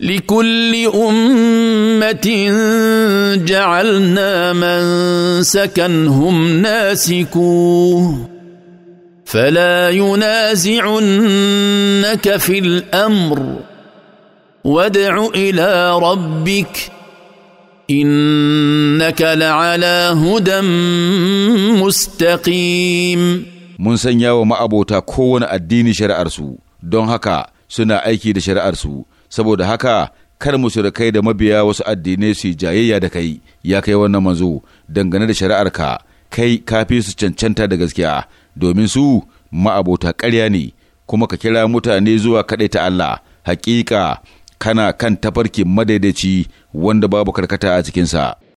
لكل امه جعلنا من سكنهم ناسكوه فلا ينازعنك في الامر وادع الى ربك انك لعلى هدى مستقيم سنيا وما wa ma'abota الدين شرع ارسو دون هكا suna ايكي da ارسو saboda haka kar kai da mabiya wasu addinai su jayayya da kai ya kai wannan manzo dangane da shari'arka kai kafi su cancanta da gaskiya domin su ma'abota ƙarya ne kuma ka kira mutane zuwa kaɗai ta Allah hakika kana kan tafarkin madaidaici wanda babu karkata a cikinsa.